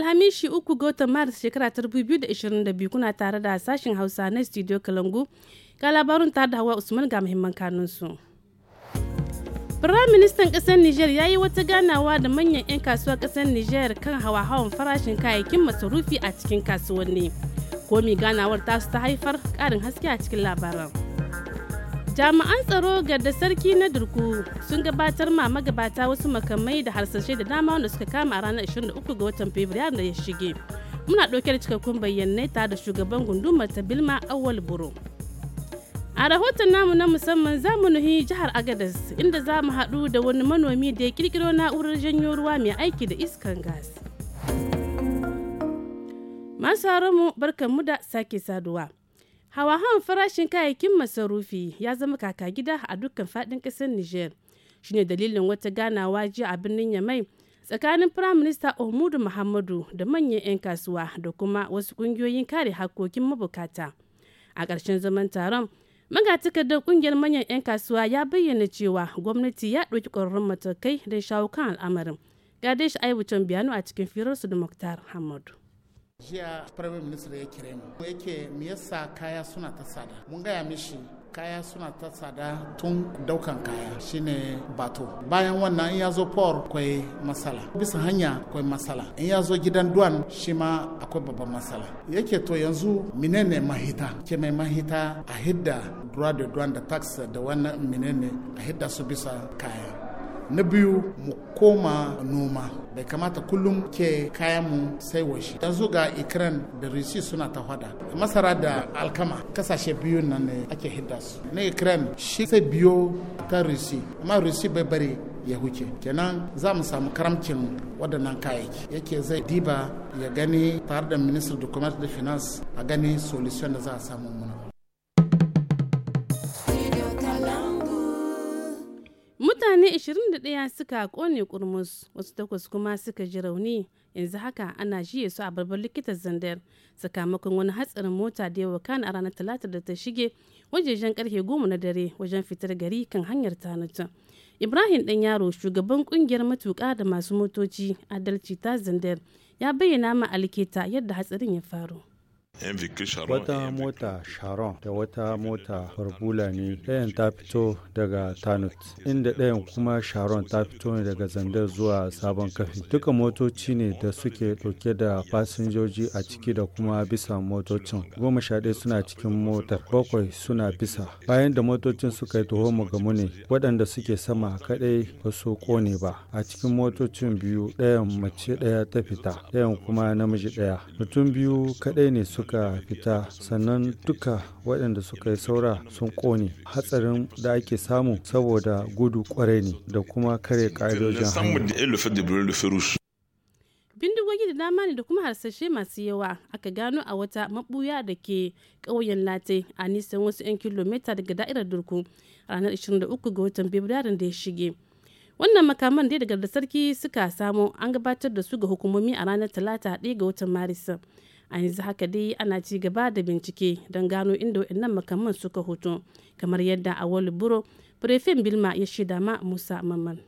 alhamishi uku ga watan maris shekara ta 2022 kuna tare da sashen hausa na studio kalangu ga labarun tare da hawa usman ga muhimman kanunsu Firaministan ƙasar niger ya yi wata ganawa da manyan 'yan kasuwar ƙasar niger kan hawa-hawan farashin kayayyakin masarufi a cikin kasuwanni. Komi ganawar tasu ta haifar ƙarin haske a cikin labaran. jami'an tsaro da sarki na durku sun gabatar ma magabata wasu makamai da harsashe da dama wanda suka kama a ranar 23 ga watan fabrairu da ya shige muna ɗauke da cikakkun bayyanai tare da shugaban gundumar ta bilma awal buro a rahoton namu na musamman za mu nuhi jihar agadas inda za mu haɗu da wani manomi da ya kirkiro na'urar janyo ruwa mai aiki da iskan gas masu haramu barkan mu da sake saduwa Hawa-hawan farashin kayayyakin masarufi ya zama kaka gida a dukkan fadin ƙasar niger shine dalilin wata ganawa jiya a birnin Yamai tsakanin Firaminista Ohmudu Muhammadu da manyan 'yan kasuwa da kuma wasu ƙungiyoyin kare hakokin mabukata. A ƙarshen zaman taron, magatakardar ƙungiyar manyan 'yan kasuwa ya bayyana cewa gwamnati ya ɗauki ƙwararrun matakai don shawo kan al'amarin. Gadesh Aiwuton Biyano a cikin firarsu da Muktar Hamadu. jiya prime minister ya kirema mu yake kaya suna ta tsada ya mishi kaya suna ta tun daukan kaya shine bato bayan wannan in ya zo por akwai masala bisa hanya kwai masala in ya zo gidan duwan shi ma akwai babban masala yake to yanzu minene mahita ke mai mahita a hidda droit de douane da tax da wannan minene a hidda su bisa kaya na biyu mu koma noma bai kamata kullum ke kayan mu sai washi yanzu ga ikran da risi suna ta hada masara da alkama kasashe biyu nan ne ake hidda su na ikran shi sai biyo ta risi amma risi bai bari ya huce kenan za mu samu karamcin waɗannan kayayyaki yake zai diba ya gani tare da minister da commerce da finance a gani solution da za a samu muna mutane 21 suka kone kurmus wasu takwas kuma suka ji rauni yanzu haka ana jiye su a babban likitan zandar sakamakon wani hatsarin mota da yawa kan a ranar talata da ta shige wajejen karfe goma na dare wajen fitar gari kan hanyar tanatan ibrahim dan yaro shugaban kungiyar matuƙa da masu motoci adalci ta zandar ya bayyana ma alketa yadda hatsarin ya faru Wata mota Sharon da wata mota farbula ne ɗayan ta fito daga Tanut, inda ɗayan kuma Sharon ta fito ne daga Zandar zuwa Sabon Kafi. Duka motoci ne da suke ɗauke da fasinjoji a ciki da kuma bisa motocin. Goma sha ɗaya suna cikin motar, bakwai suna bisa. Bayan da motocin suka yi mu ga mune, waɗanda suke sama kaɗai ba su ƙone ba. A cikin motocin biyu ɗayan mace ɗaya ta fita, ɗayan kuma namiji ɗaya. Mutum biyu kaɗai ne su suka fita sannan duka waɗanda suka yi saura sun kone hatsarin da ake samu saboda gudu kwarai ne da kuma kare ƙa'idojin bindigogi da dama ne da kuma harsashe masu yawa aka gano a wata mabuya da ke ƙauyen late a nisan wasu 'yan kilomita daga da'irar durku ranar 23 ga watan fabrairun da ya shige wannan makaman dai daga da sarki suka samu an gabatar da su ga hukumomi a ranar talata 1 ga watan maris a yanzu haka dai ana ci gaba da bincike don gano inda wa'annan makaman suka hoto kamar yadda a wali buro prefen bilma ya shaida ma musa mamman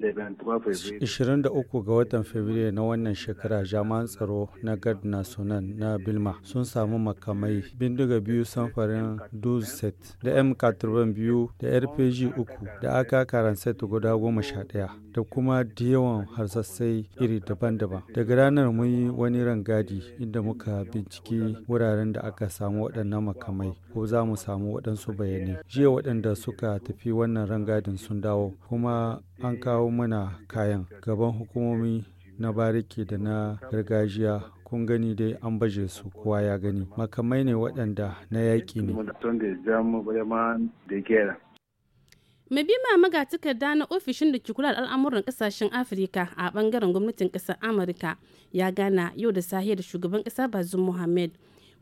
23 ga watan Fabrairu na wannan shekara jami'an tsaro na Gard National na Bilma sun samu makamai bindiga biyu samfarin Dulcet da M4 biyu da RPG uku da aka set guda goma sha ɗaya da kuma da yawan harsassai iri daban-daban. Daga ranar mun yi wani rangadi inda muka binciki wuraren da aka samu waɗannan makamai ko za mu samu waɗansu bayanai. Jiya waɗanda suka tafi wannan rangadin sun dawo kuma an kawo mana kayan gaban hukumomi na bariki da na gargajiya kun gani dai an baje su kowa ya gani makamai ne waɗanda na yaƙi ne Mabima magatakarda na ofishin da ke kula da al'amuran kasashen Afirka a bangaren gwamnatin kasar Amurka ya gana yau da sahiya da shugaban kasa Bazoum Mohammed.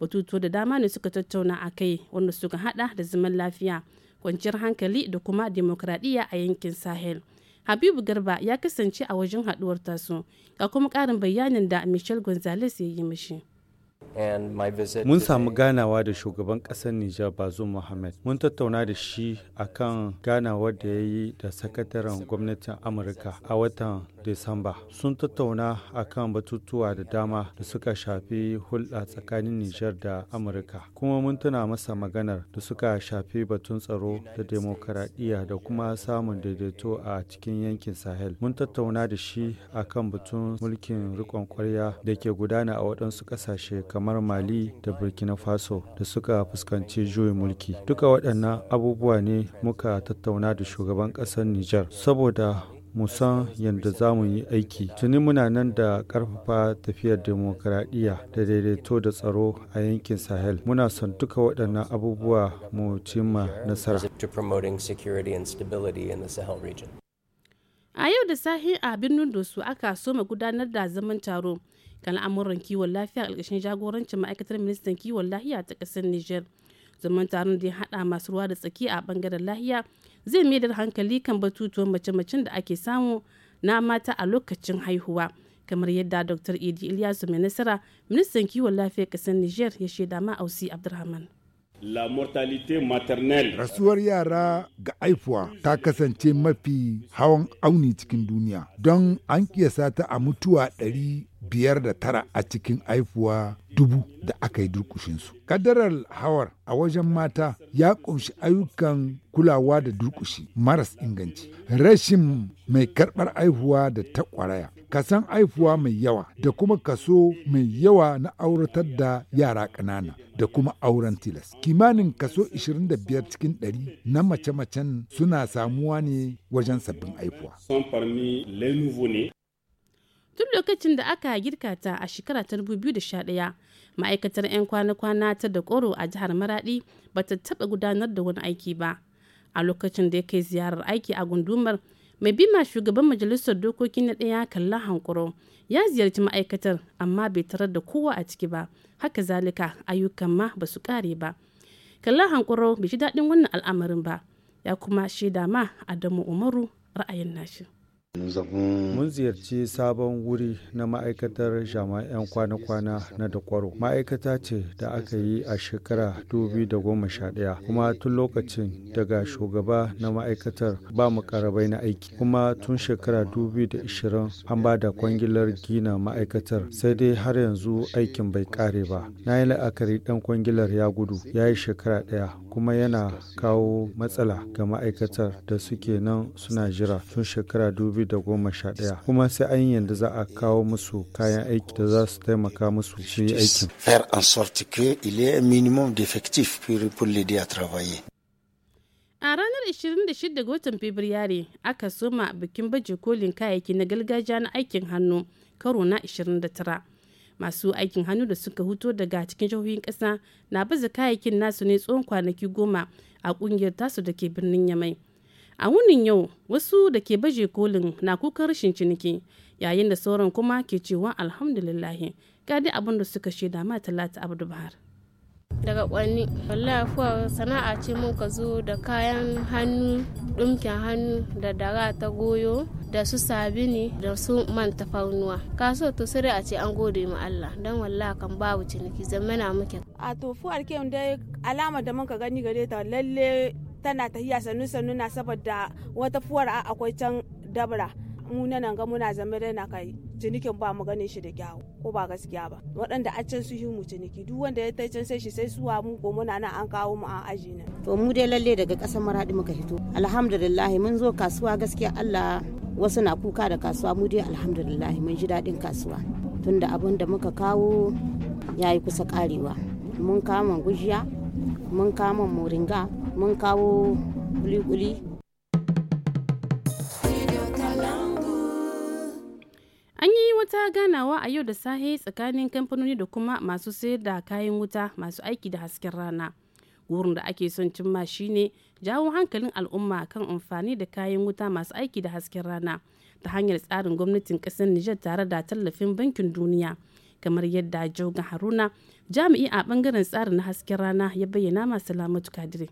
batutu da dama ne suka tattauna a kai wanda suka hada da zaman lafiya, kwanciyar hankali da kuma demokradiyya a yankin Sahel. habibu garba ya kasance a wajen haduwar taso ga kuma karin bayanin da michel gonzalez ya yi mishi Mun samu ganawa da shugaban ƙasar Nijar Bazoum Mohamed. Mun tattauna da shi a kan ganawar da ya yi da sakataren gwamnatin Amurka a watan Disamba. Sun tattauna akan batutuwa da dama da suka shafi hulɗa tsakanin Nijar da Amurka. Kuma mun tuna masa maganar da suka shafi batun tsaro da demokaradiyya da kuma samun daidaito a cikin yankin Sahel. Mun tattauna da shi akan batun mulkin riƙon kwarya da ke gudana a waɗansu ƙasashe kamar Mali da Burkina Faso da suka fuskanci juyin mulki. Duka waɗannan abubuwa ne muka tattauna da shugaban ƙasar Nijar saboda mu san yadda za mu yi aiki. Tuni muna nan da karfafa tafiyar demokaradiyya da daidaito da tsaro a yankin Sahel. Muna son duka waɗannan abubuwa mu cimma nasara. A yau da sahi a birnin Dosu aka soma gudanar da zaman taro al'amuran kiwon lafiya alƙashin jagorancin ma'aikatar ministan kiwon lafiya ta ƙasar niger zaman taron da ya haɗa masu ruwa da tsaki a bangaren lahiya zai mai da hankali kan batutuwan mace-macen da ake samu na mata a lokacin haihuwa kamar yadda dr idi ilyasu mai nasara ministan kiwon lafiya ƙasar niger ya shaida ma ausi abdulrahman La maternelle. Rasuwar yara ga aifuwa ta kasance mafi hawan auni cikin duniya don an kiyasa ta a mutuwa ɗari biyar da tara a cikin aihuwa dubu da aka yi durkushinsu. Kadarar hawar a wajen mata ya ƙunshi ayyukan kulawa da durkushi maras inganci, rashin mai karɓar aihuwa da ta kwaraya. kasan aihuwa mai yawa da kuma kaso mai yawa na auratar da yara ƙanana da kuma auren tilas. Kimanin kaso 25 cikin 100 na mace-macen suna samuwa ne wajen sabbin aihuwa. tun lokacin da aka girka ta a shekara ta 2011 ma'aikatar 'yan kwana-kwana ta da koro a jihar maradi ba ta taɓa gudanar da wani aiki ba a lokacin da ya kai ziyarar aiki a gundumar mai bima shugaban majalisar dokoki na ɗaya kalla hankuro ya ziyarci ma'aikatar amma bai tarar da kowa a ciki ba haka zalika ayyukan ma ba su ƙare ba kalla hankuro bai ji daɗin wannan al'amarin ba ya kuma shaida ma adamu umaru ra'ayin nashi Mun ziyarci sabon wuri na ma'aikatar Jami'an kwana-kwana na Dakwaro. Ma'aikata ce da aka yi a shekara 2011 kuma tun lokacin daga shugaba na ma'aikatar ba mu karabai na aiki. Kuma tun shekara 2020 an ba da kwangilar gina ma'aikatar sai dai har yanzu aikin bai kare ba. Na yi la'akari dan kwangilar ya gudu ya yi shekara ɗaya kuma yana kawo matsala ga ma'aikatar da suke nan suna jira tun shekara ɗaya kuma sai an yanda za a kawo musu kayan aiki da za su taimaka musu su yi aikin. Faire en sorte qu'il A ranar 26 ga watan Fabrairu aka soma bikin baje kolin kayayyaki na gargajiya na aikin hannu karo na 29. masu aikin hannu da suka huto daga cikin jihohin ƙasa na baza kayayyakin nasu ne tsohon kwanaki goma a kungiyar tasu da ke birnin yamai a wunin yau wasu da ke baje kolin na kukan rashin ciniki yayin da sauran kuma ke cewa alhamdulillahi ga dai abin da suka shaida ma talata abdu bahar daga kwanni wallahi kuwa sana'a ce ka zo da kayan hannu dumkin hannu da dara ta goyo da su sabini da su man tafarnuwa kaso to sai a ce an gode ma Allah dan wallahi kan babu ciniki zamana muke a to fuwar ke dai alama da muka gani gare ta lalle tana tahiya sannu sannu na saboda wata fuwar a akwai can dabra mu nan ga muna zama na kai cinikin ba mu ganin shi da kyawu ko ba gaskiya ba waɗanda a can su yi mu ciniki duk wanda ya tai can sai shi sai suwa mu ko muna nan an kawo mu a aji na. to mu dai lalle daga ƙasar maradi muka hito alhamdulillah mun zo kasuwa gaskiya Allah wasu na kuka da kasuwa mu dai alhamdulillah mun ji daɗin kasuwa tunda abin da muka kawo ya yi kusa karewa mun kama gujiya mun kama moringa mun kawo kuli-kuli An yi wata ganawa a yau da sahe tsakanin kamfanoni da kuma masu sayar da kayan wuta masu aiki da hasken rana. gurin da ake son cimma shine jawo hankalin al'umma kan amfani da kayan wuta masu aiki da hasken rana ta hanyar tsarin gwamnatin kasar Nijar tare da tallafin bankin duniya kamar yadda Jogan Haruna jami'i a bangaren tsarin hasken rana ya bayyana masu lamatu kadiri.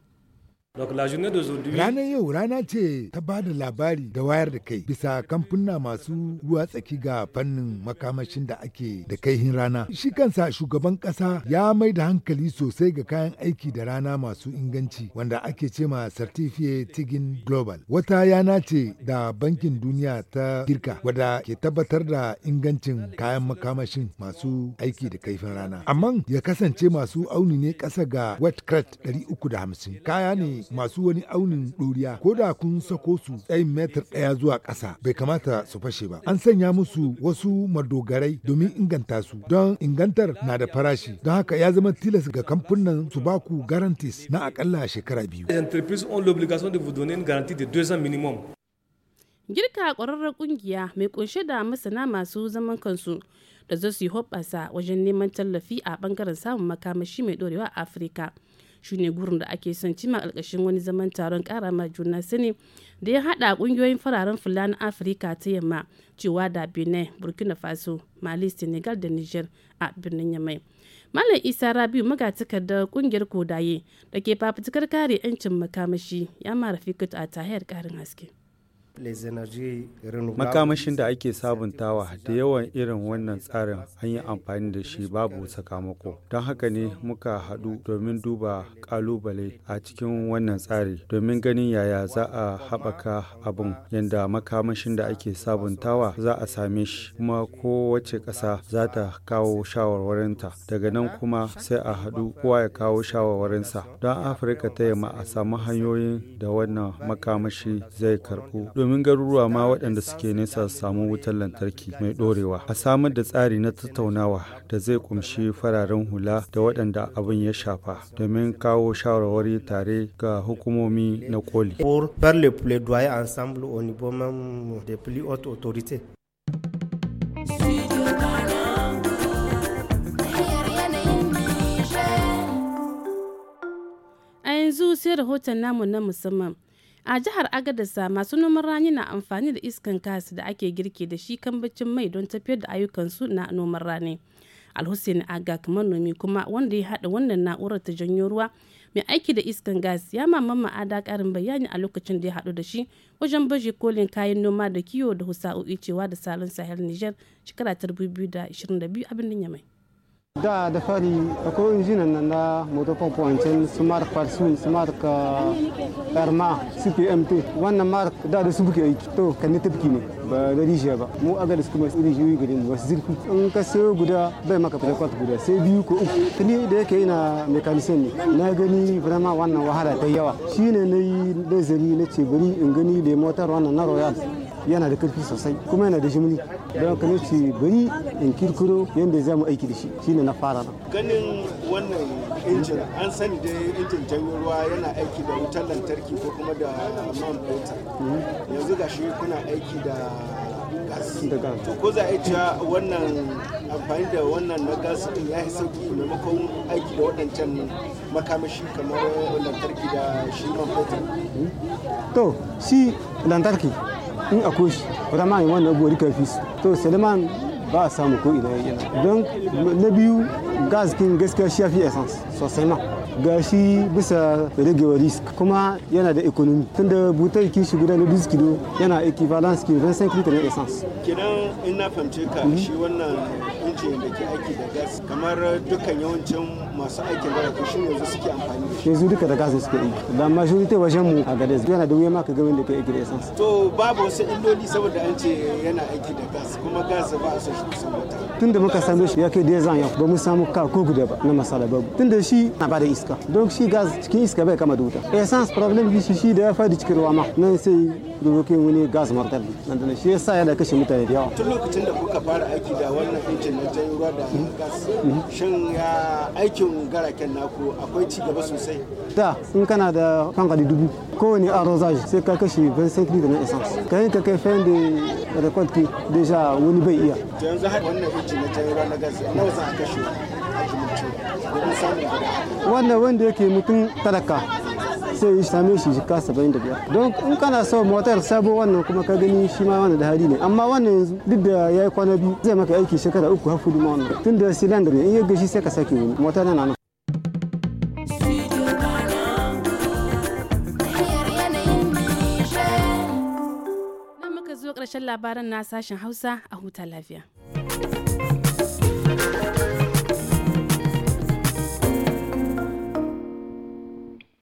rana yau rana ce ta ba da labari da wayar da kai bisa kamfuna masu ruwa tsaki ga fannin makamashin da ake da kaihin rana. Shi kansa shugaban kasa ya mai da hankali sosai ga kayan aiki da rana masu inganci wanda ake ce ma Certifiye Tigin Global. Wata yana ce da Bankin Duniya ta girka wadda ke tabbatar da ingancin kayan makamashin masu aiki da kaifin rana. Amma ya kasance masu auni ne ƙasa ga Wet da 350. Kaya ne masu wani aunin ɗoriya ko da kun sako su tsayin metar ɗaya zuwa ƙasa bai kamata su fashe ba. An sanya musu wasu madogarai domin inganta su don ingantar na da farashi don haka ya zama tilas ga kamfunan su ba ku garantis na akalla shekara biyu. Girka ƙwararren ƙungiya mai ƙunshe da masana masu zaman kansu da zasu su yi hoɓasa wajen neman tallafi a bangaren samun makamashi mai ɗorewa a Afirka. shine gurin da ake son cima alkashin wani zaman taron kara ma juna sani da ya haɗa kungiyoyin fararen fula na afirka ta yamma cewa da benin burkina faso mali senegal da niger a birnin yamai malam isa rabiu magatakardar kungiyar kodaye da ke fafutukar kare 'yancin makamashi ya mara fikut a tahiyar karin haske makamashin da ake sabuntawa da yawan irin wannan tsarin an yi amfani da shi babu sakamako don haka ne muka haɗu domin duba ƙalubale a cikin wannan tsari domin ganin yaya za a haɓaka abun yadda makamashin da ake sabuntawa za a same shi kuma kowace ƙasa za ta kawo shawarwarinta daga nan kuma sai a haɗu kowa ya kawo shawarwarinsa don afirka ta yamma a samu hanyoyin da wannan makamashi zai karɓu domin garuruwa ma waɗanda suke nesa su samu wutar lantarki mai ɗorewa a samar da tsari na tattaunawa da zai kumshi fararen hula da waɗanda abin ya shafa domin kawo shawarwari tare ga hukumomi na koli a yanzu sai rahoton namu na musamman a jihar agadasa masu noman rani na amfani da iskan gas da ake girki da shi kambacin mai don tafiyar da ayyukansu na noman rani alhussein aga manomi kuma wanda ya haɗa wannan na'urar ta janyo ruwa mai aiki da iskan gas ya maman ma'ada karin bayani a lokacin da ya haɗu da shi wajen baje kolin kayan noma da kiwo da husa'o'i cewa da salon sahel niger shekara ta 2022 abin da ya mai da da fari akwai injinan nan na motopompo wancan su mark parsun su mark eh, arma cpmt wannan mark da da su buke aiki to kan ni tafki ne ba da rishiya ba mu aga da su kuma rijiyoyi gare mu wasu zirfi in ka sayo guda bai maka kwata guda sai biyu ko uku tuni da yake ina mekanisiyan ne na gani vraiment wannan wahala ta yawa shine na yi nazari na ce bari in gani da motar wannan na royal yana da karfi sosai kuma yana da jimli don haka ne ce bari in kirkiro yadda za mu aiki da shi shine na fara nan ganin wannan injin an sani da injin janyo ruwa yana aiki da wutar lantarki ko kuma da man fetur mhm. yanzu shi kuna aiki da gas to ko za a cewa wannan amfani da wannan na gas din ya yi sauki maimakon aiki da waɗancan makamashi kamar lantarki da shi man fetur to shi lantarki in akwai shi vraiment wannan gori karfi to salman ba a samu ko ina yana don na biyu gas kin gaskiya shafi essence sosai ma gashi bisa ragewa risk kuma yana da economy tunda butar kishi guda na 12 kilo yana equivalence kilo 25 litre na essence kidan in na fahimce ka mhm. shi wannan injin da ke aiki da gas kamar dukkan yawancin masu aikin da shi yanzu suke amfani da shi yanzu duka da gas suke yi da majority wajen mu a gades yana da wuya maka ga da ke aiki da essence to babu wasu illoli saboda an ce yana aiki da gas kuma gas ba a san shi kusan wata tunda muka same shi ya kai da zan yau ba mu samu ka ko guda ba na masala babu tunda shi na ba da iska iska donc si gaz cikin iska bai kama da wuta essence problem bi shi da ya fadi cikin ruwa ma nan sai dokokin wani gas mortal nan da shi yasa yana kashe mutane da yawa tun lokacin da kuka fara aiki da wannan injin na jan ruwa da hmm. gas hmm. shin ya aikin garaken naku akwai ci gaba sosai da in kana da hankali dubu kowane arrosage sai ka kashe 25 litres na essence kayan ka kai fayin da record ki deja wani bai iya yanzu har wannan injin na jan ruwa na gas nawa za a kashe wanda wanda yake mutum talaka sai yi same shi jika saba'in da biyar don in kana so motar sabo wannan kuma ka gani shi ma wannan da hali ne amma wannan yanzu duk da ya yi kwana biyu zai maka aiki shekara uku har fudu ma wannan tun da silandar ne in ya gashi sai ka sake wani motar na nan zo ƙarshen labaran na sashen hausa a huta lafiya.